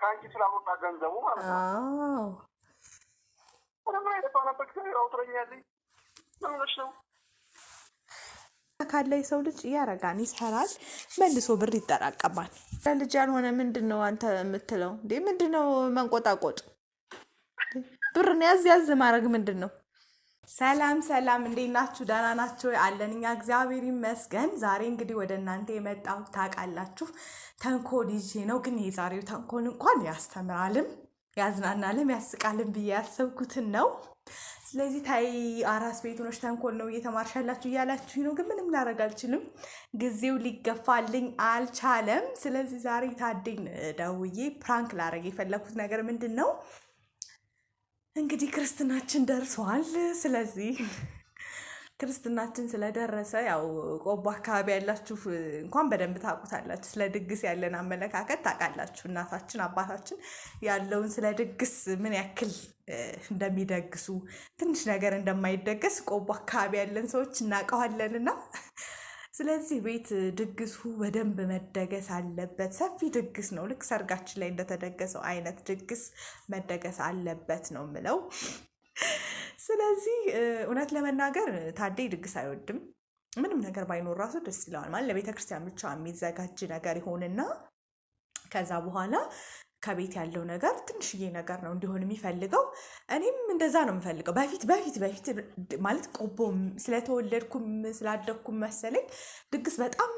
ከአንቺ ስላመጣ ገንዘቡ ማለት ነው። ምንም አይነት አውጥረኛለኝ ምንች ነው ካለ ሰው ልጅ ያረጋን ይሰራል፣ መልሶ ብር ይጠራቀማል። ልጅ ያልሆነ ምንድን ነው አንተ የምትለው እንዴ? ምንድን ነው መንቆጣቆጥ? ብርን ያዝ ያዝ ማድረግ ምንድን ነው? ሰላም ሰላም፣ እንዴት ናችሁ? ደህና ናችሁ? አለን እኛ እግዚአብሔር ይመስገን። ዛሬ እንግዲህ ወደ እናንተ የመጣው ታውቃላችሁ ተንኮል ይዤ ነው። ግን የዛሬው ተንኮል እንኳን ያስተምራልም ያዝናናልም ያስቃልም ብዬ ያሰብኩትን ነው። ስለዚህ ታይ አራስ ቤት ሆነሽ ተንኮል ነው እየተማርሻላችሁ እያላችሁ ነው፣ ግን ምንም ላደርግ አልችልም። ጊዜው ሊገፋልኝ አልቻለም። ስለዚህ ዛሬ ታደኝ ደውዬ ፕራንክ ላደርግ የፈለኩት ነገር ምንድን ነው እንግዲህ ክርስትናችን ደርሷል። ስለዚህ ክርስትናችን ስለደረሰ ያው ቆቦ አካባቢ ያላችሁ እንኳን በደንብ ታውቁታላችሁ። ስለ ድግስ ያለን አመለካከት ታውቃላችሁ። እናታችን አባታችን ያለውን ስለ ድግስ ምን ያክል እንደሚደግሱ ትንሽ ነገር እንደማይደገስ ቆቦ አካባቢ ያለን ሰዎች እና ስለዚህ ቤት ድግሱ በደንብ መደገስ አለበት። ሰፊ ድግስ ነው። ልክ ሰርጋችን ላይ እንደተደገሰው አይነት ድግስ መደገስ አለበት ነው ምለው። ስለዚህ እውነት ለመናገር ታዴ ድግስ አይወድም። ምንም ነገር ባይኖር ራሱ ደስ ይለዋል። ማለት ለቤተክርስቲያን ብቻ የሚዘጋጅ ነገር ይሆንና ከዛ በኋላ ከቤት ያለው ነገር ትንሽዬ ነገር ነው እንዲሆን የሚፈልገው። እኔም እንደዛ ነው የምፈልገው። በፊት በፊት በፊት ማለት ቆቦ ስለተወለድኩም ስላደግኩም መሰለኝ ድግስ በጣም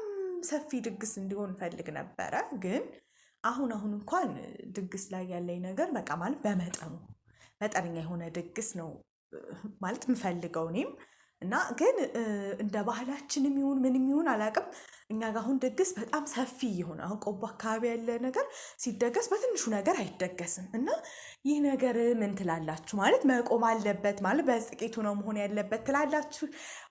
ሰፊ ድግስ እንዲሆን ፈልግ ነበረ። ግን አሁን አሁን እንኳን ድግስ ላይ ያለኝ ነገር በቃ ማለት በመጠኑ መጠነኛ የሆነ ድግስ ነው ማለት የምፈልገው እኔም እና ግን እንደ ባህላችንም ይሁን ምንም ይሁን አላውቅም፣ እኛ ጋር አሁን ድግስ በጣም ሰፊ የሆነ አሁን ቆቦ አካባቢ ያለ ነገር ሲደገስ በትንሹ ነገር አይደገስም። እና ይህ ነገር ምን ትላላችሁ? ማለት መቆም አለበት ማለት በጥቂቱ ነው መሆን ያለበት ትላላችሁ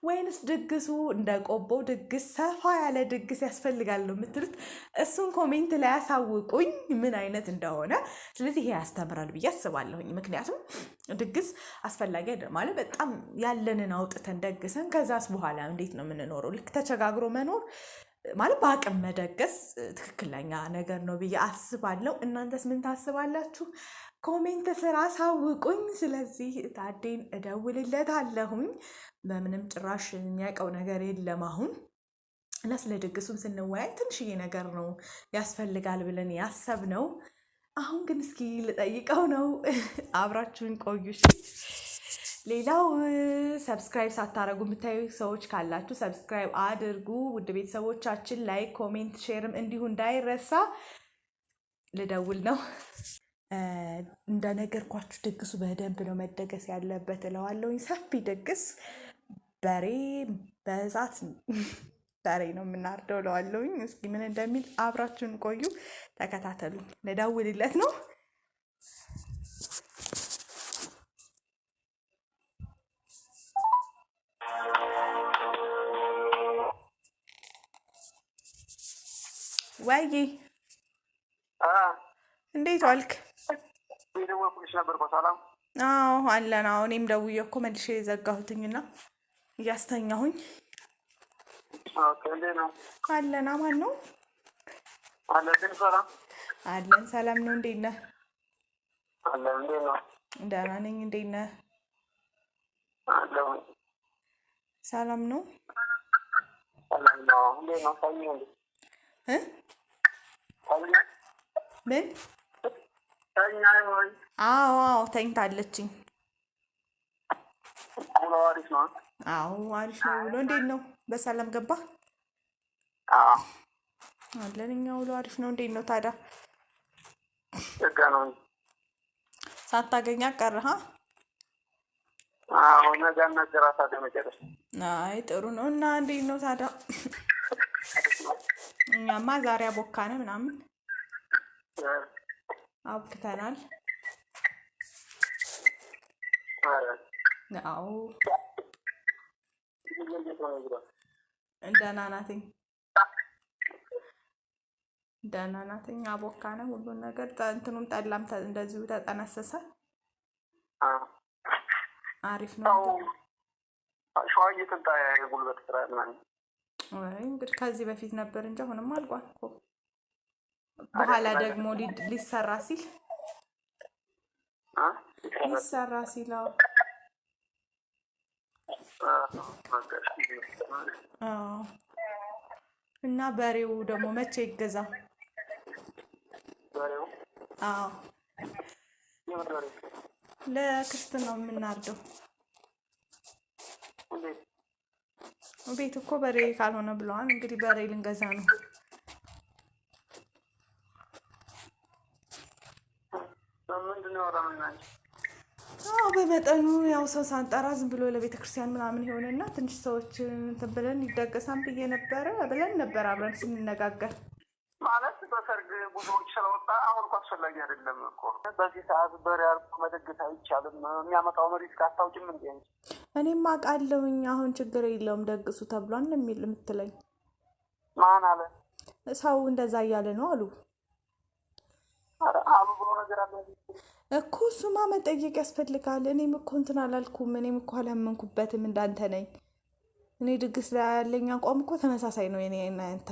ወይንስ ድግሱ እንደ ቆቦ ድግስ ሰፋ ያለ ድግስ ያስፈልጋል ነው የምትሉት? እሱን ኮሜንት ላይ ያሳውቁኝ ምን አይነት እንደሆነ። ስለዚህ ይሄ ያስተምራል ብዬ አስባለሁኝ። ምክንያቱም ድግስ አስፈላጊ ማለት በጣም ያለንን አውጥተን ደግሰን ከዛስ በኋላ እንዴት ነው የምንኖረው? ልክ ተቸጋግሮ መኖር ማለት በአቅም መደገስ ትክክለኛ ነገር ነው ብዬ አስባለሁ። እናንተስ ምን ታስባላችሁ? ኮሜንት ስራ ሳውቁኝ። ስለዚህ ታዴን እደውልለት አለሁኝ። በምንም ጭራሽ የሚያውቀው ነገር የለም አሁን እና ስለ ድግሱም ስንወያይ ትንሽዬ ነገር ነው ያስፈልጋል ብለን ያሰብነው። አሁን ግን እስኪ ልጠይቀው ነው። አብራችሁን ቆዩ። ሌላው ሰብስክራይብ ሳታረጉ የምታዩ ሰዎች ካላችሁ ሰብስክራይብ አድርጉ። ውድ ቤተሰቦቻችን ላይ ኮሜንት፣ ሼርም እንዲሁ እንዳይረሳ። ልደውል ነው እንደነገርኳችሁ ድግሱ በደንብ ነው መደገስ ያለበት እለዋለሁኝ። ሰፊ ድግስ በሬ በዛት በሬ ነው የምናርደው እለዋለሁኝ። እስኪ ምን እንደሚል አብራችሁን ቆዩ፣ ተከታተሉ። ልደውልለት ነው። ወይ እንዴት ዋልክ? የደወልኩልሽ ነበር አዎ አለን። አሁን እኔም ደውዬ እኮ መልሼ የዘጋሁትኝና እያስተኛሁኝ አለና ማን ነው አለን። ሰላም አለን። ሰላም ነው። እንዴት ነህ? ደህና ነኝ። እንዴት ነህ? ሰላም ነው? ምን? አዎ አዎ፣ ተኝታለችኝ። አዎ አሪፍ ነው ውሎ። እንዴት ነው? በሰላም ገባ አለን። እኛ ውሎ አሪፍ ነው። እንዴት ነው ታዲያ? ሳታገኛ ቀርሃ? አይ ጥሩ ነው። እና እንዴት ነው ታዲያ? እኛማ ዛሬ አቦካነ ምናምን አብቅተናል። አዎ ደህና ናትኝ፣ ደህና ናትኝ። አቦካ ነው ሁሉን ነገር እንትኑም ጠላም እንደዚሁ ተጠነሰሰ። አሪፍ ነው። ሸዋ እየተንጣ የጉልበት ስራ ምናምን እንግዲህ ከዚህ በፊት ነበር እንጂ አሁንም አልቋል እኮ በኋላ ደግሞ ሊሰራ ሲል ሊሰራ ሲል እና በሬው ደግሞ መቼ ይገዛ? ለክስት ነው የምናርደው። ቤት እኮ በሬ ካልሆነ ብለዋል። እንግዲህ በሬ ልንገዛ ነው። አዎ በመጠኑ ያው ሰው ሳንጠራ ዝም ብሎ ለቤተ ክርስቲያን ምናምን የሆነና ትንሽ ሰዎች እንትን ብለን ይደገሳን ብዬ ነበረ ብለን ነበር አብረን ስንነጋገር ማለት በሰርግ ጉዞዎች ስለወጣ አሁን እኮ አስፈላጊ አይደለም እኮ በዚህ ሰዓት በር ያልኩ መደገስ አይቻልም። የሚያመጣው መሬት ካታውጭም እንዲ እኔም አውቃለሁኝ። አሁን ችግር የለውም ደግሱ ተብሏን የሚል የምትለኝ ማን አለ? ሰው እንደዛ እያለ ነው አሉ እኮ ሱማ መጠየቅ ያስፈልጋል። እኔም እኮ እንትን አላልኩም። እኔም እኮ አላመንኩበትም እንዳንተ ነኝ። እኔ ድግስ ላይ ያለኝ አቋም እኮ ተመሳሳይ ነው። እኔ እና አንተ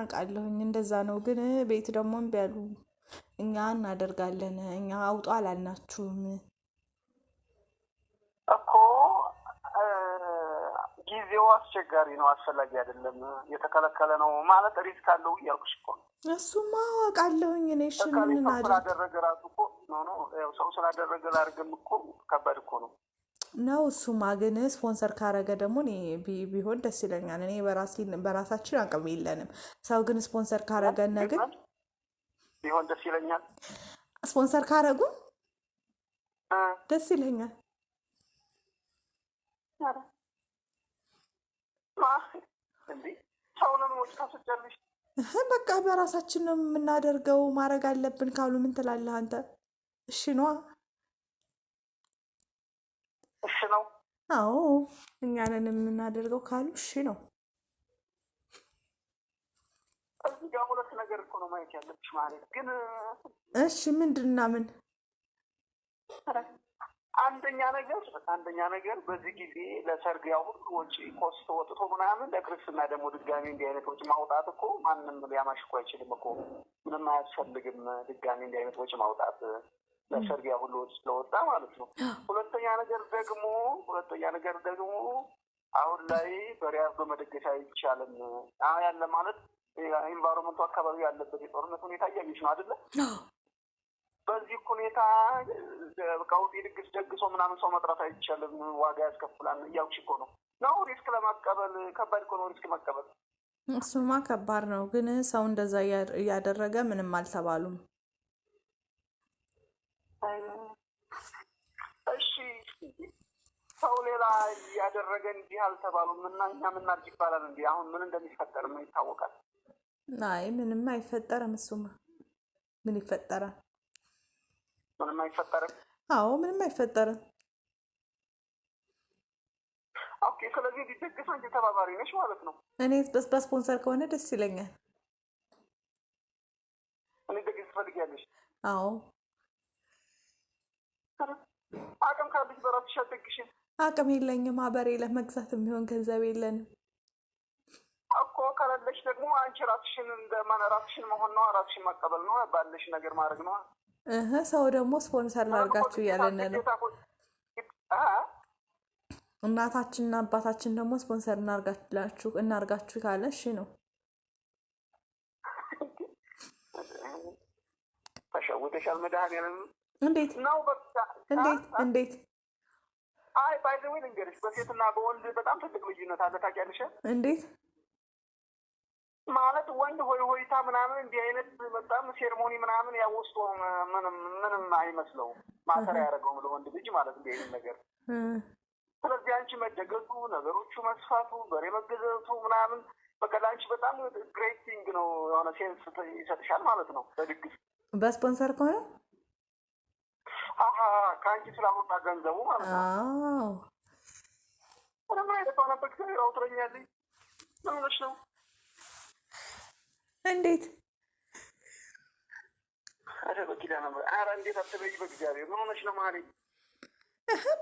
አውቃለሁኝ እንደዛ ነው። ግን ቤት ደግሞ እምቢ አሉ። እኛ እናደርጋለን፣ እኛ አውጡ አላልናችሁም እኮ ጊዜው አስቸጋሪ ነው። አስፈላጊ አይደለም። የተከለከለ ነው ማለት ሪስክ አለው እያልኩሽ እኮ ነው እሱማ አውቃለሁኝ እኔ። እሺ ምን ስላደረገ ራሱ እኮ ሰው ስላደረገ ላድርግም እኮ ከባድ እኮ ነው ነው እሱማ። ግን ስፖንሰር ካረገ ደግሞ ቢሆን ደስ ይለኛል። እኔ በራሳችን አቅም የለንም። ሰው ግን ስፖንሰር ካረገና ግን ቢሆን ደስ ይለኛል። ስፖንሰር ካረጉ ደስ ይለኛል። ሰው ለምን ወጭ ታስወጫለሽ? በቃ በራሳችን ነው የምናደርገው ማድረግ አለብን ካሉ ምን ትላለህ አንተ? እሺ ነዋ። እሺ ነው። አዎ እኛ ነን የምናደርገው ካሉ እሺ ነው። ሁለት ነገር እኮ ነው ማየት ያለብሽ ማለት ግን። እሺ ምንድን ምን አንደኛ ነገር አንደኛ ነገር በዚህ ጊዜ ለሰርግ ያው ሁሉ ወጪ ኮስት ወጥቶ ምናምን ለክርስትና ደግሞ ድጋሚ እንዲህ አይነት ወጪ ማውጣት እኮ ማንም ሊያማሽ እኮ አይችልም እኮ ምንም አያስፈልግም። ድጋሚ እንዲህ አይነት ወጪ ማውጣት ለሰርግ ያው ሁሉ ወጪ ስለወጣ ማለት ነው። ሁለተኛ ነገር ደግሞ ሁለተኛ ነገር ደግሞ አሁን ላይ በሪያዝ በመደገፍ አይቻልም ያለ ማለት ኢንቫይሮመንቱ አካባቢ ያለበት የጦርነት ሁኔታ እያየች ነው አይደለ? በዚህ ሁኔታ ቀውጢ ድግስ ደግሶ ምናምን ሰው መጥራት አይቻልም፣ ዋጋ ያስከፍላል እያልኩሽ እኮ ነው። ነው ሪስክ ለማቀበል ከባድ እኮ ነው ሪስክ መቀበል። እሱማ ከባድ ነው፣ ግን ሰው እንደዛ እያደረገ ምንም አልተባሉም። እሺ ሰው ሌላ እያደረገ እንዲህ አልተባሉም እና እኛ ምናርግ ይባላል እንዲ አሁን ምን እንደሚፈጠርም ይታወቃል። አይ ምንም አይፈጠርም። እሱማ ምን ይፈጠራል? ምንም አይፈጠርም። አዎ ምንም አይፈጠርም። ኦኬ ስለዚህ እንዲደግስ አንቺ ተባባሪ ነሽ ማለት ነው። እኔ በስፖንሰር ከሆነ ደስ ይለኛል። እኔ ደግስ ትፈልጊያለሽ? አዎ አቅም ካለሽ በራስሽ ደግሽ። አቅም የለኝም፣ ማህበር ለመግዛት የሚሆን ገንዘብ የለንም እኮ። ካላለሽ ደግሞ አንቺ ራስሽን እንደማን ራስሽን መሆን ነው፣ ራስሽን መቀበል ነው፣ ባለሽ ነገር ማድረግ ነው። ሰው ደግሞ ስፖንሰር ላርጋችሁ እያለን ነው። እናታችንና አባታችን ደግሞ ስፖንሰር እናርጋችሁ እናርጋችሁ ካለ እሺ ነው። ተሸውተሻል። መድኃኒዓለም እንዴት እንዴት እንዴት? አይ ባይ ዘ ወይ ልንገርሽ፣ በሴትና በወንድ በጣም ትልቅ ልዩነት አለ ታውቂያለሽ። እንዴት ማለት ወንድ ሆይ ሆይታ ምናምን እንዲህ አይነት በጣም ሴርሞኒ ምናምን ያው ውስጡ ምንም ምንም አይመስለውም። ማሰሪያ ያደረገውም ለወንድ ልጅ ማለት እንዲህ አይነት ነገር። ስለዚህ አንቺ መደገቱ፣ ነገሮቹ መስፋቱ፣ በሬ መገዘቱ ምናምን በቃ ለአንቺ በጣም ግሬት ቲንግ ነው። የሆነ ሴንስ ይሰጥሻል ማለት ነው። በድግስ በስፖንሰር ከሆነ ከአንቺ ስላመጣ ገንዘቡ ማለት ነው። ምንም አይነት ሆነበት ራውትረኛለኝ ምንሽ ነው እንዴት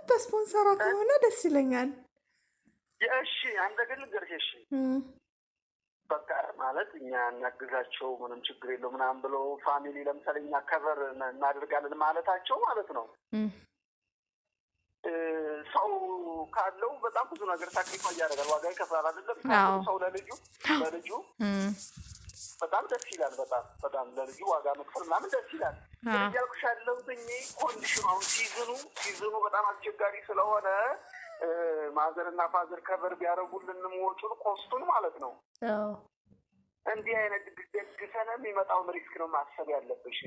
በስፖንሰሯ ከሆነ ደስ ይለኛል። እሺ አንተ ግን ልንገርሽ፣ እሺ በቃ ማለት እኛ እናግዛቸው ምንም ችግር የለው ምናምን ብሎ ፋሚሊ ለምሳሌ እኛ ከቨር እናደርጋለን ማለታቸው ማለት ነው። ሰው ካለው በጣም ብዙ ነገር ታክሊፋ እያደረጋል፣ ዋጋ ይከፍላል አይደለም ሰው ለልጁ ለልጁ በጣም ደስ ይላል። በጣም በጣም ለልዩ ዋጋ መክፈል ምናምን ደስ ይላል። እያልኩሽ ያለሁት እኔ ኮንዲሽኑ አሁን ሲዝኑ ሲዝኑ በጣም አስቸጋሪ ስለሆነ ማዘር እና ፋዘር ከበር ቢያደረጉልንም ወጡን ኮስቱን ማለት ነው። እንዲህ አይነት ደግሰን የሚመጣውን ሪስክ ነው ማሰብ ያለብሽ።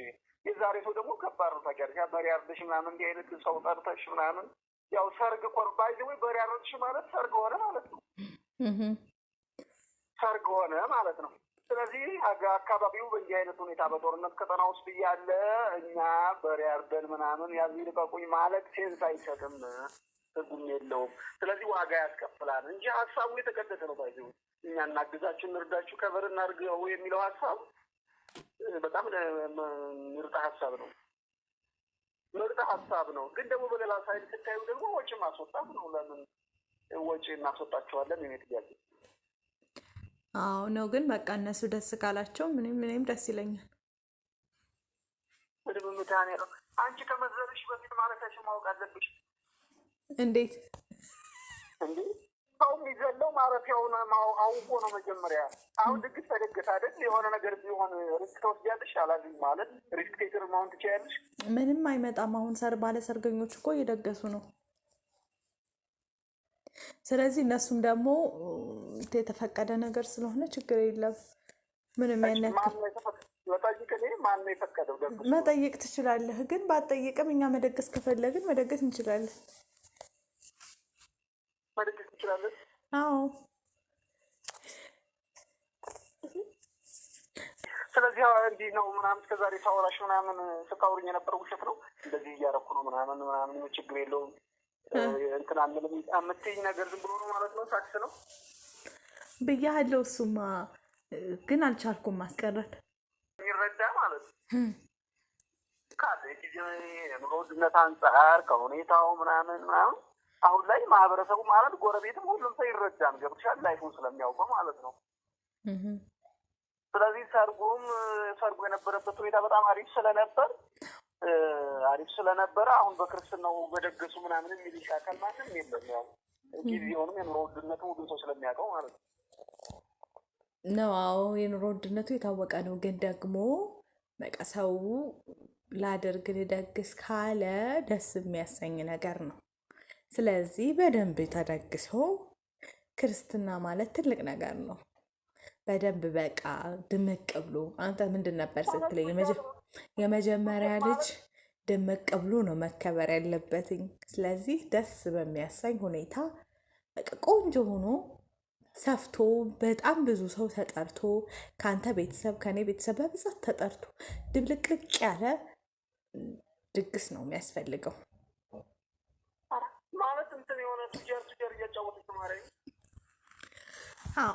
የዛሬ ሰው ደግሞ ከባድ ነው ታውቂያለሽ። በሬ አርደሽ ምናምን እንዲህ አይነት ሰው ጠርተሽ ምናምን ያው ሰርግ ኮርባይ ወይ በሬ አርደሽ ማለት ሰርግ ሆነ ማለት ነው። ሰርግ ሆነ ማለት ነው። ስለዚህ አካባቢው በእንዲህ አይነት ሁኔታ በጦርነት ቀጠና ውስጥ እያለ እኛ በሬ አርደን ምናምን ያዙ ይልቀቁኝ ማለት ሴንስ አይሰጥም፣ ህጉም የለውም። ስለዚህ ዋጋ ያስከፍላል እንጂ ሀሳቡ የተቀደሰ ነው። ባይ እኛ እናግዛችሁ፣ እንርዳችሁ፣ ከበር እናድርገው የሚለው ሀሳብ በጣም ምርጥ ሀሳብ ነው። ምርጥ ሀሳብ ነው። ግን ደግሞ በሌላ ሳይድ ስታዩ ደግሞ ወጪ ማስወጣት ነው። ለምን ወጪ እናስወጣቸዋለን? የኔ ጥያቄ አዎ ነው። ግን በቃ እነሱ ደስ ካላቸው ምንም ምንም ደስ ይለኛል። አንቺ ከመዘርሽ በፊት ማለታችን ማወቅ አለብሽ። እንዴት ሰው የሚዘለው ማረፊያውን አውቆ ነው መጀመሪያ። አሁን ድግስ ተደግስ አይደል? የሆነ ነገር ቢሆን ሪስክ ተወስጃለሽ። አላዝም ማለት ሪስክ ቴክር መሆን ትችያለሽ። ምንም አይመጣም። አሁን ሰር ባለሰርገኞች እኮ እየደገሱ ነው ስለዚህ እነሱም ደግሞ የተፈቀደ ነገር ስለሆነ ችግር የለም። ምንም ያን መጠየቅ ትችላለህ። ግን ባትጠይቅም እኛ መደገስ ከፈለግን መደገስ እንችላለን። አዎ። ስለዚህ እንዲህ ነው ምናምን እስከዛሬ ሳወራሽ ምናምን ስታውሪኝ የነበረው ውሸት ነው። እንደዚህ እያደረኩ ነው ምናምን ምናምን ችግር የለውም እንትን አንልም የምትይኝ ነገር ዝም ብሎ ነው ማለት ነው። ሳክስ ነው ብያለሁ። እሱማ ግን አልቻልኩም ማስቀረት ይረዳ ማለት ነው ካለ ጊዜ የኑሮ ውድነት አንጻር ከሁኔታው ምናምን ምናምን አሁን ላይ ማህበረሰቡ ማለት ጎረቤትም ሁሉም ሰው ይረዳን ገብቶሻል። ላይፉን ስለሚያውቀው ማለት ነው። ስለዚህ ሰርጉም ሰርጉ የነበረበት ሁኔታ በጣም አሪፍ ስለነበር አሪፍ ስለነበረ አሁን በክርስትናው በደገሱ ምናምን የሚል ይሻካል ማንም የለም። ያው ጊዜውንም የኑሮ ውድነቱ ሁሉም ሰው ስለሚያውቀው ማለት ነው ነው። አዎ የኑሮ ውድነቱ የታወቀ ነው። ግን ደግሞ በቃ ሰው ላደርግ ልደግስ ካለ ደስ የሚያሰኝ ነገር ነው። ስለዚህ በደንብ ተደግሶ ክርስትና ማለት ትልቅ ነገር ነው። በደንብ በቃ ድምቅ ብሎ አንተ ምንድን ነበር ስትለኝ የመጀመሪያ ልጅ ድምቅ ብሎ ነው መከበር ያለበትኝ። ስለዚህ ደስ በሚያሰኝ ሁኔታ በቃ ቆንጆ ሆኖ ሰፍቶ በጣም ብዙ ሰው ተጠርቶ ከአንተ ቤተሰብ ከእኔ ቤተሰብ በብዛት ተጠርቶ ድብልቅልቅ ያለ ድግስ ነው የሚያስፈልገው።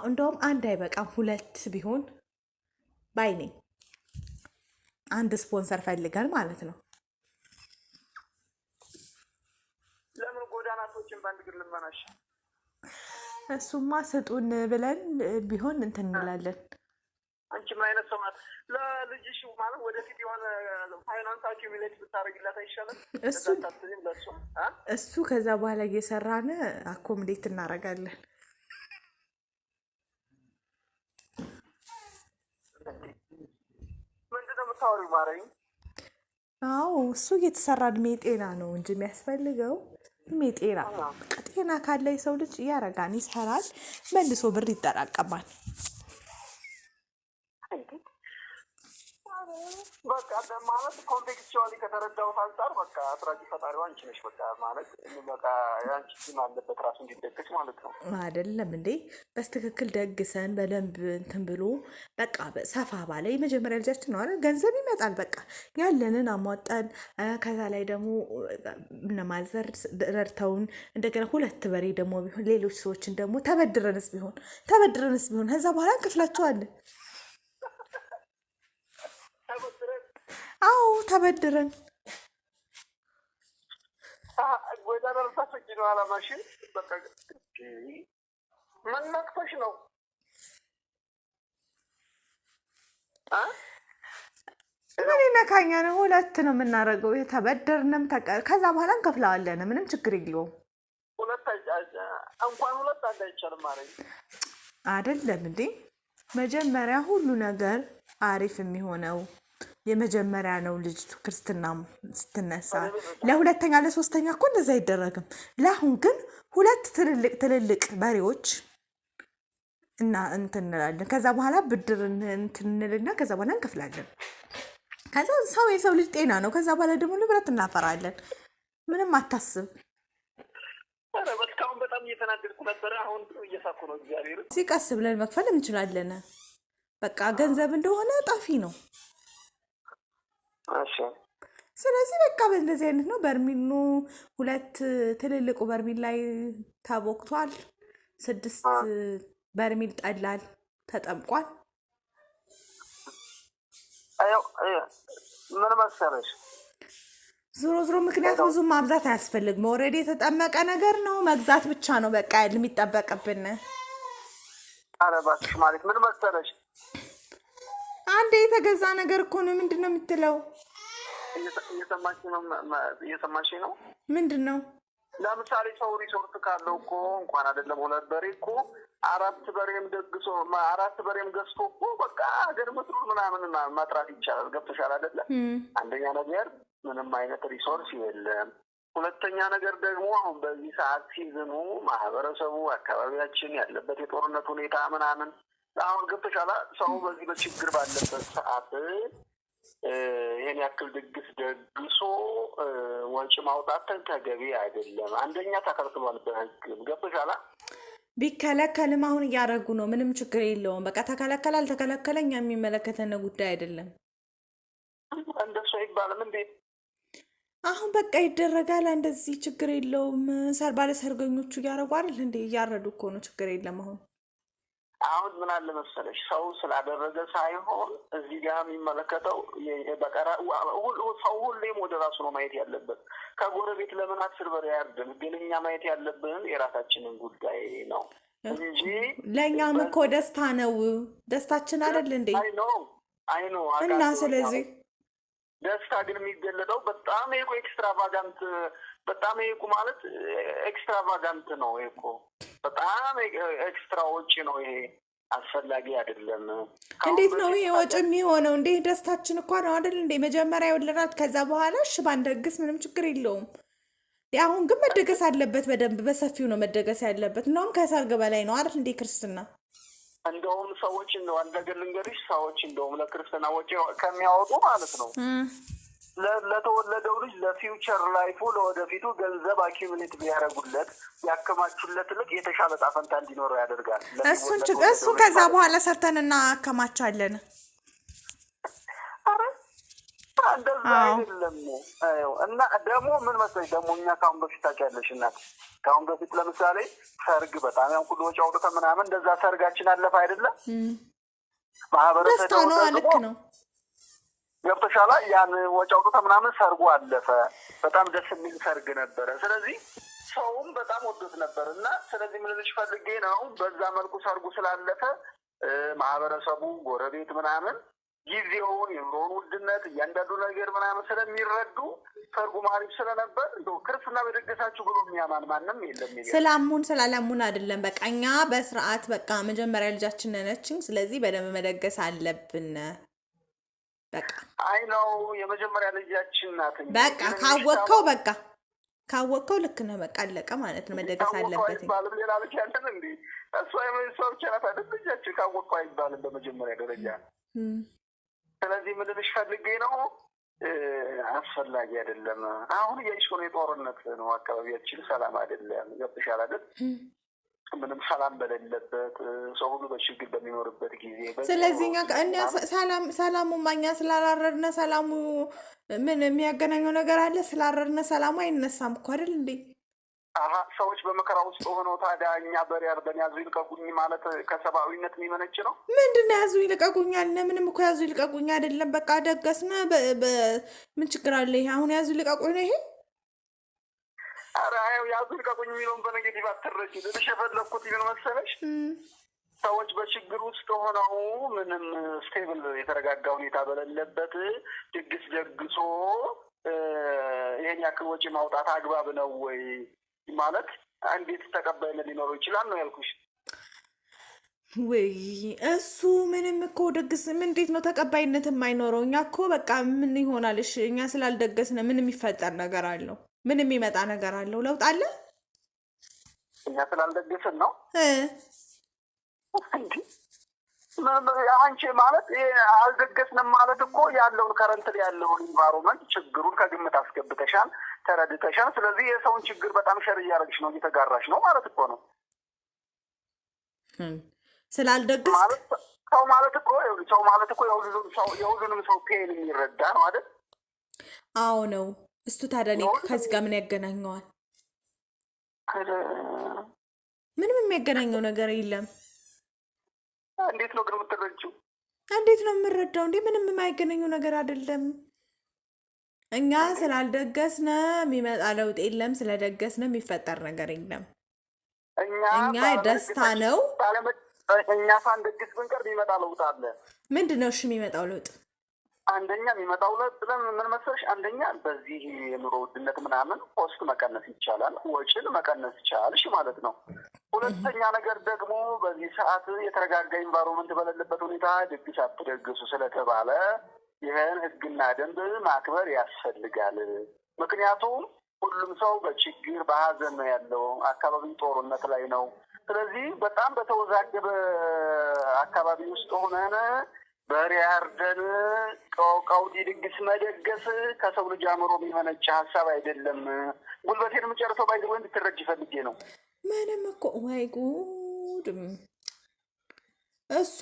እንደውም አንድ አይበቃም ሁለት ቢሆን ባይ ነኝ። አንድ ስፖንሰር ፈልጋል ማለት ነው። ለምን ጎዳናቶችን በአንድ እግር ልመናሽ? እሱማ ስጡን ብለን ቢሆን እንትን እንላለን። አንቺ ምን አይነት ሰው ማለት ለልጅሽ ማለት ወደፊት የሆነ ፋይናንስ አኪሚሌት ብታደርግላት አይሻልም? እሱ ከዛ በኋላ እየሰራን አኮምዴት እናደርጋለን። የምታወሪው ማረኝ? አዎ እሱ እየተሰራ እድሜ ጤና ነው እንጂ የሚያስፈልገው እድሜ ጤና። ጤና ካለ የሰው ልጅ ያረጋን፣ ይሰራል፣ መልሶ ብር ይጠራቀማል። በቃ ማለት ኮንቴክስቹዋሊ ከተረዳሁት አንጻር በቃ አስራጅ ፈጣሪዋ አንቺ ነሽ። በቃ ማለት በቃ አንቺ ስም አለበት ራሱ እንዲደግስ ማለት ነው አይደለም እንዴ? በስትክክል ደግሰን በደንብ እንትን ብሎ በቃ ሰፋ ባለ የመጀመሪያ ልጃችን ነው አይደል? ገንዘብ ይመጣል። በቃ ያለንን አሟጠን ከዛ ላይ ደግሞ እነማዘር ረድተውን እንደገና ሁለት በሬ ደግሞ ቢሆን ሌሎች ሰዎችን ደግሞ ተበድረንስ ቢሆን ተበድረንስ ቢሆን ከዛ በኋላ እንከፍላቸዋለን። አዎ ተበድረን መናቅፈሽ ነው ምን ይነካኛ ነው? ሁለት ነው የምናደርገው። የተበደርንም ከዛ በኋላ እንከፍለዋለን። ምንም ችግር የለውም። እንኳን ሁለት አንድ አይቻልም አይደለም እንዴ? መጀመሪያ ሁሉ ነገር አሪፍ የሚሆነው የመጀመሪያ ነው ልጅ ክርስትና ስትነሳ፣ ለሁለተኛ ለሶስተኛ እኮ እንደዚ አይደረግም። ለአሁን ግን ሁለት ትልልቅ ትልልቅ በሬዎች እና እንትን እንላለን። ከዛ በኋላ ብድር እንትን እንልና ከዛ በኋላ እንከፍላለን። ከዛ ሰው የሰው ልጅ ጤና ነው። ከዛ በኋላ ደግሞ ንብረት እናፈራለን። ምንም አታስብ። እስካሁን በጣም እየተናደድኩ ነበረ። አሁን እየሳኩ ነው። እግዚአብሔር ሲቀስ ብለን መክፈል እንችላለን። በቃ ገንዘብ እንደሆነ ጠፊ ነው። ስለዚህ በቃ በእንደዚህ አይነት ነው። በርሚሉ ሁለት ትልልቁ በርሚል ላይ ተቦክቷል። ስድስት በርሚል ጠላል ተጠምቋል። ምን መሰለሽ ዞሮ ዞሮ ምክንያት ብዙ ማብዛት አያስፈልግም። ኦልሬዲ የተጠመቀ ነገር ነው፣ መግዛት ብቻ ነው በቃ የሚጠበቅብን። ማለት ምን መሰለሽ አንዴ የተገዛ ነገር እኮ ነው። ምንድን ነው የምትለው? እየሰማሽ ነው? ምንድን ነው? ለምሳሌ ሰው ሪሶርት ካለው እኮ እንኳን አይደለም ሁለት በሬ እኮ አራት በሬም ደግሶ አራት በሬም ገዝቶ እኮ በቃ ሀገር ምስሩ ምናምን ማጥራት ይቻላል። ገብቶሻል አይደለ? አንደኛ ነገር ምንም አይነት ሪሶርስ የለም። ሁለተኛ ነገር ደግሞ አሁን በዚህ ሰዓት ሲዝኑ ማህበረሰቡ አካባቢያችን ያለበት የጦርነት ሁኔታ ምናምን አሁን ገብተሻላ ሰው በዚህ በችግር ባለበት ሰዓት ይህን ያክል ድግስ ደግሶ ወጪ ማውጣት ተገቢ አይደለም። አንደኛ ተከልክሏል በህግም ገብተሻላ ቢከለከልም አሁን እያደረጉ ነው። ምንም ችግር የለውም። በቃ ተከለከለ አልተከለከለ እኛ የሚመለከተን ጉዳይ አይደለም። እንደሱ አይባልም እንዴ? አሁን በቃ ይደረጋል። እንደዚህ ችግር የለውም። ባለሰርገኞቹ እያደረጉ አይደል እንዴ? እያረዱ እኮ ነው። ችግር የለም አሁን አሁን ምን አለ መሰለሽ ሰው ስላደረገ ሳይሆን እዚህ ጋር የሚመለከተው በቀራ ሰው ሁሌም ወደ ራሱ ነው ማየት ያለበት። ከጎረቤት ለምን አስር አትስርበር ያርድም፣ ግን እኛ ማየት ያለብን የራሳችንን ጉዳይ ነው እንጂ ለእኛም እኮ ደስታ ነው ደስታችን አይደል እንዴ? አይ ነው እና ስለዚህ ደስታ ግን የሚገለጠው በጣም ይሄ እኮ ኤክስትራቫጋንት በጣም ይሄ እኮ ማለት ኤክስትራቫጋንት ነው ይሄ እኮ በጣም ኤክስትራ ወጪ ነው ይሄ። አስፈላጊ አይደለም። እንዴት ነው ይሄ ወጪ የሚሆነው? እንዴ ደስታችን እኮ ነው አይደል? እንዴ መጀመሪያ የወለዳት ከዛ በኋላ እሺ ባንደግስ ምንም ችግር የለውም። አሁን ግን መደገስ አለበት በደንብ በሰፊው ነው መደገስ ያለበት። እንደውም ከሰርግ በላይ ነው አይደል? እንዴ ክርስትና እንደውም ሰዎች እንደው አንድ ነገር ሰዎች እንደውም ለክርስትና ወጪ ከሚያወጡ ማለት ነው ለተወለደው ልጅ ለፊውቸር ላይፉ ለወደፊቱ ገንዘብ አኪሚሌት ቢያደርጉለት ያከማቹለት ልቅ የተሻለ ዕጣ እንዲኖረው ያደርጋል። እሱን እሱ ከዛ በኋላ ሰርተን እናከማቻለን። እንደዛ አይደለም እና ደግሞ ምን መሰለኝ ደግሞ እኛ ከአሁን በፊት ታውቂያለሽ እናት ከአሁን በፊት ለምሳሌ ሰርግ በጣም ያን ሁሉ ወጪ አውጥተን ምናምን እንደዛ ሰርጋችን አለፈ አይደለም ማህበረሰብ ነው ልክ ነው ገብቶሻላ ያን ወጪ አውጥተህ ምናምን ሰርጉ አለፈ። በጣም ደስ የሚል ሰርግ ነበረ። ስለዚህ ሰውም በጣም ወዶት ነበር እና ስለዚህ ምንልሽ ፈልጌ ነው በዛ መልኩ ሰርጉ ስላለፈ ማህበረሰቡ፣ ጎረቤት ምናምን ጊዜውን የኑሮውን ውድነት እያንዳንዱ ነገር ምናምን ስለሚረዱ ሰርጉ ማሪፍ ስለነበር እንደው ክርስትና በደገሳችሁ ብሎ የሚያማን ማንም የለም። ስላሙን ስላለሙን አይደለም። በቃ እኛ በስርዓት በቃ መጀመሪያ ልጃችን ነነችኝ፣ ስለዚህ በደንብ መደገስ አለብን በቃ አይ ነው የመጀመሪያ ልጃችን ናት። በቃ ካወቅከው፣ በቃ ካወቅከው ልክ ነው። በቃ አለቀ ማለት ነው። መደገስ አለበት። ባልም ሌላ ልጅ ያለን እንዲ እሷ የመሷ ብቻ ናት አይደል? ልጃችን ካወቅከው አይባልም በመጀመሪያ ደረጃ። ስለዚህ ምልልሽ ፈልጌ ነው አስፈላጊ አይደለም። አሁን እያይሽ ሆነ የጦርነት ነው አካባቢያችን፣ ሰላም አይደለም። ገብሻል አይደል? ምንም ሰላም በሌለበት ሰው ሁሉ በችግር በሚኖርበት ጊዜ ስለዚህ ኛ ሰላሙ ማኛ ስላላረድነ ሰላሙ ምን የሚያገናኘው ነገር አለ? ስላረድነ ሰላሙ አይነሳም እኮ አይደል እንዴ? ሰዎች በመከራ ውስጥ ሆነው ታዲያ እኛ በሬ አርደን ያዙ ይልቀቁኝ ማለት ከሰብአዊነት የሚመነጭ ነው። ምንድን ነው ያዙ ይልቀቁኝ አለ? ምንም እኮ ያዙ ይልቀቁኝ አይደለም። በቃ ደገስነ። ምን ችግር አለ? ይሄ አሁን ያዙ ይልቀቁኝ ነው ይሄ አራው ያዙን ቀቁኝ የሚለውን በነገቲቭ አትረጅ ልልሽ የፈለግኩት ይህን መሰለሽ ሰዎች በችግር ውስጥ ሆነው ምንም ስቴብል የተረጋጋ ሁኔታ በሌለበት ድግስ ደግሶ ይሄን ያክል ወጪ ማውጣት አግባብ ነው ወይ ማለት እንዴት ተቀባይነት ሊኖረው ይችላል ነው ያልኩሽ። ወይ እሱ ምንም እኮ ደግስ እንዴት ነው ተቀባይነት የማይኖረው? እኛ እኮ በቃ ምን ይሆናልሽ እኛ ስላልደገስነ ምን የሚፈጠር ነገር አለው? ምን የሚመጣ ነገር አለው? ለውጥ አለ? እኛ ስላልደግፍን ነው። አንቺ ማለት አልደገስንም ማለት እኮ ያለውን ከረንት ያለውን ኢንቫይሮመንት ችግሩን ከግምት አስገብተሻል፣ ተረድተሻል። ስለዚህ የሰውን ችግር በጣም ሸር እያደረግሽ ነው፣ እየተጋራሽ ነው ማለት እኮ ነው። ስላልደገፍ ሰው ማለት እኮ ሰው ማለት እኮ የሁሉንም ሰው ፔን የሚረዳ ነው አይደል? አዎ ነው እስቱ ታዲያ እኔ ከዚህ ጋር ምን ያገናኘዋል? ምንም የሚያገናኘው ነገር የለም። እንዴት ነው ግን የምትረጂው? እንዴት ነው እንዴ ምንም የማይገናኘው ነገር አይደለም። እኛ ስላልደገስነ የሚመጣ ለውጥ የለም። ስለደገስነ የሚፈጠር ነገር የለም። እኛ ደስታ ነው። እኛ ሳንደግስ ብንቀር የሚመጣ ለውጥ አለ። ምንድን ነው እሺ የሚመጣው ለውጥ? አንደኛ የሚመጣው ለት ምን መሰለሽ፣ አንደኛ በዚህ የኑሮ ውድነት ምናምን ኮስት መቀነስ ይቻላል፣ ወጪን መቀነስ ይቻልሽ ማለት ነው። ሁለተኛ ነገር ደግሞ በዚህ ሰዓት የተረጋጋ ኢንቫይሮንመንት በሌለበት ሁኔታ ድግስ አትደግሱ ስለተባለ ይህን ህግና ደንብ ማክበር ያስፈልጋል። ምክንያቱም ሁሉም ሰው በችግር በሀዘን ነው ያለው። አካባቢ ጦርነት ላይ ነው። ስለዚህ በጣም በተወዛገበ አካባቢ ውስጥ ሆነን በሬ አርደን ቀውቃውዲ ድግስ መደገስ ከሰው ልጅ አእምሮ የሚመነጭ ሀሳብ አይደለም። ጉልበቴን የምጨርሰው ባይዘ እንድትረጅ ፈልጌ ነው። ምንም እኮ ወይ ጉድ እሱ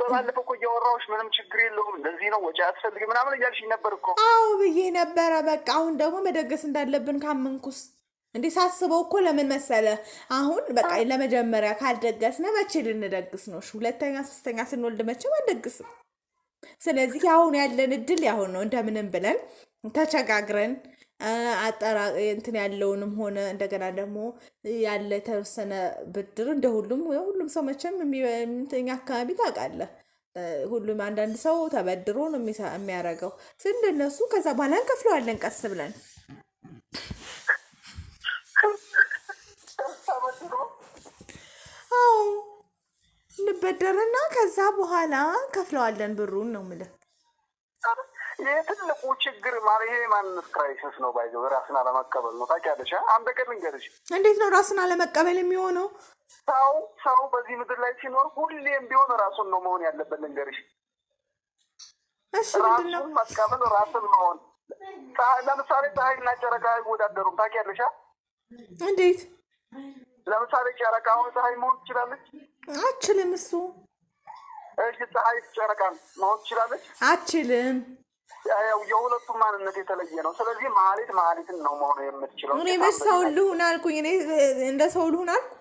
በባለፈው እኮ እያወራሁሽ ምንም ችግር የለውም እንደዚህ ነው ወጪ አያስፈልግም ምናምን እያልሽኝ ነበር እኮ። አዎ ብዬ ነበረ። በቃ አሁን ደግሞ መደገስ እንዳለብን ካመንኩስ እንዲህ ሳስበው እኮ ለምን መሰለ አሁን በቃ ለመጀመሪያ ካልደገስነ መቼ ልንደግስ ነው? ሁለተኛ ሶስተኛ ስንወልድ መቼም አንደግስም። ስለዚህ አሁን ያለን እድል ያሁን ነው። እንደምንም ብለን ተቸጋግረን አጠራ እንትን ያለውንም ሆነ እንደገና ደግሞ ያለ የተወሰነ ብድር እንደ ሁሉም ሁሉም ሰው መቼም እኛ አካባቢ ታውቃለህ፣ ሁሉም አንዳንድ ሰው ተበድሮ ነው የሚያደርገው። እነሱ ከዛ በኋላ እንከፍለዋለን ቀስ ብለን አዎ እንበደርና ከዛ በኋላ ከፍለዋለን ብሩን ነው የምልህ። የትልቁ ችግር ማለት ይሄ ማንነት ክራይሲስ ነው። ባይዘ ራስን አለመቀበል ነው። ታውቂያለሽ፣ አንድ ቀን ልንገርሽ። እንዴት ነው ራስን አለመቀበል የሚሆነው? ሰው ሰው በዚህ ምድር ላይ ሲኖር ሁሌም ቢሆን ራሱን ነው መሆን ያለበት። ልንገርሽ፣ ራሱን መቀበል፣ ራስን መሆን። ለምሳሌ ፀሐይና ጨረቃ አይወዳደሩም። ታውቂያለሽ እንዴት? ለምሳሌ ጨረቃ አሁን ፀሐይ መሆን ትችላለች? አችልም። እሱ እሺ፣ ፀሐይ ጨረቃ መሆን ትችላለች? አችልም። የሁለቱ ማንነት የተለየ ነው። ስለዚህ መሀሌት መሀሌትን ነው መሆኑ የምትችለው። እኔ መች ሰው ልሁን አልኩኝ? እኔ እንደ ሰው ልሁን አልኩ።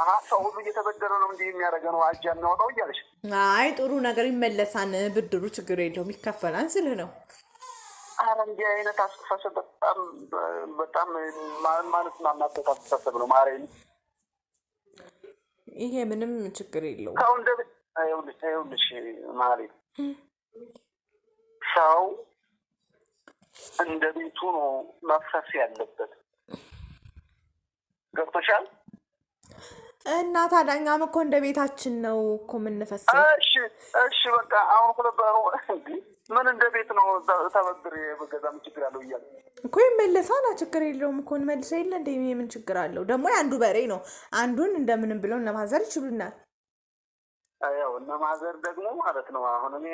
አሀ ሰው ሁሉ እየተበደረ ነው እንዲህ የሚያደርገ ነው አጃ የሚያወጣው እያለች። አይ ጥሩ ነገር ይመለሳን፣ ብድሩ ችግር የለውም ይከፈላል ስልህ ነው አረ እንዲህ አይነት አስተሳሰብ በጣም በጣም ማለት ማማበት አስተሳሰብ ነው። ማሬ ይሄ ምንም ችግር የለው። ሰው እንደ ይኸውልሽ ማለት ሰው እንደ ቤቱ ነው መፍሰስ ያለበት። ገብቶሻል? እና ታዲያ እኛም እኮ እንደ ቤታችን ነው እኮ የምንፈሰው። እሺ እሺ፣ በቃ አሁን እንዲህ ምን እንደ ቤት ነው ተበድር የመገዛም ችግር አለው እያለ እኮ ይመለሳል። ችግር የለውም እኮ እንመልሰ የለ እንደ ምን ችግር አለው? ደግሞ የአንዱ በሬ ነው። አንዱን እንደምንም ብለው እነማዘር ይችሉናል። ያው እነ ማዘር ደግሞ ማለት ነው። አሁን እኔ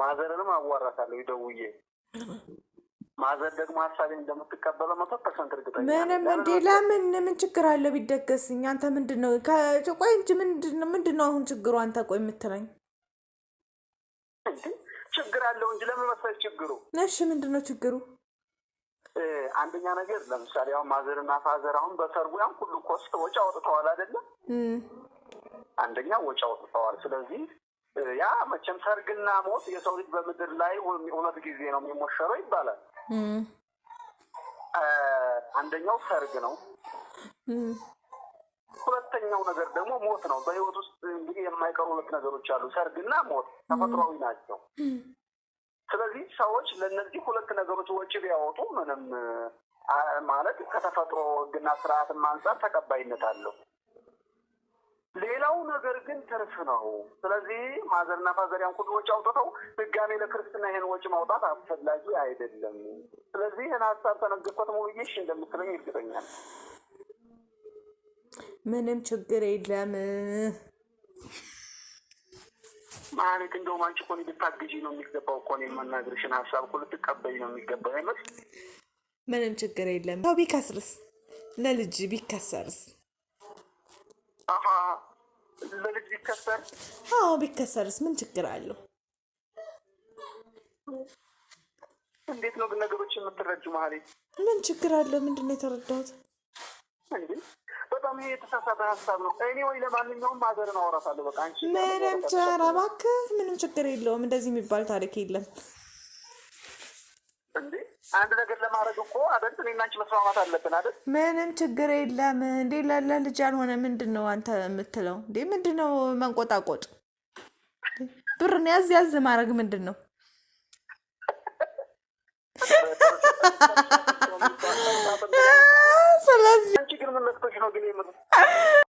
ማዘርንም አዋራታለሁ ይደውዬ ማዘር ደግሞ ሀሳቤ እንደምትቀበለው መቶ ፐርሰንት እርግጠኛ። ምንም እንዴ ለምን ምን ችግር አለው ቢደገስኝ? አንተ ምንድን ነው ቆይ እንጂ ምንድን ነው አሁን ችግሩ? አንተ ቆይ የምትለኝ ችግር አለው እንጂ ለምን ችግሩ? እሺ ምንድን ነው ችግሩ? አንደኛ ነገር ለምሳሌ አሁን ማዘርና ፋዘር አሁን በሰርጉ ያን ሁሉ ኮስት ወጪ አውጥተዋል አይደለም? አንደኛ ወጪ አውጥተዋል። ስለዚህ ያ መቼም ሰርግና ሞት የሰው ልጅ በምድር ላይ ሁለት ጊዜ ነው የሚሞሸረው ይባላል። አንደኛው ሰርግ ነው። ሁለተኛው ነገር ደግሞ ሞት ነው። በህይወት ውስጥ እንግዲህ የማይቀሩ ሁለት ነገሮች አሉ፣ ሰርግና ሞት ተፈጥሯዊ ናቸው። ስለዚህ ሰዎች ለእነዚህ ሁለት ነገሮች ወጪ ቢያወጡ ምንም ማለት ከተፈጥሮ ህግና ስርዓትም ማንጻር ተቀባይነት አለው። ሌላው ነገር ግን ትርፍ ነው። ስለዚህ ማዘርና ፋዘሪያን ሁሉ ወጪ አውጥተው ድጋሜ ለክርስትና ይሄን ወጪ ማውጣት አስፈላጊ አይደለም። ስለዚህ ይህን ሀሳብ ተነግርኮት መውዬሽ እንደምትለኝ እርግጠኛል። ምንም ችግር የለም። ማለት እንደው አንቺ እኮ ልታግዢ ነው የሚገባው እኮ እኔ መናገርሽን ሀሳብ እኮ ልትቀበይ ነው የሚገባው አይመስ ምንም ችግር የለም። ሰው ቢከስርስ ለልጅ ቢከሰርስ? ለልጅ ቢከሰር? አዎ ቢከሰርስ ምን ችግር አለው? እንዴት ነው ግን ነገሮች የምትረጁ? ማለት ምን ችግር አለው? ምንድን ነው የተረዳሁት በጣም ይሄ የተሳሳተ ሀሳብ ነው። እኔ ወይ ለማንኛውም ሀገርን አወራታለሁ። በቃ አንቺ ምንም ቸራ እባክህ፣ ምንም ችግር የለውም። እንደዚህ የሚባል ታሪክ የለም። አንድ ነገር ለማድረግ እኮ አደል እኔና አንቺ መስማማት አለብን አደል? ምንም ችግር የለም። እንዴ ለለ ልጅ ያልሆነ ምንድን ነው አንተ የምትለው? እንዴ ምንድን ነው መንቆጣቆጥ? ብርን ያዝ ያዝ ማድረግ ምንድን ነው? salası. Ben çıkırımın nasıl koşuna bileyim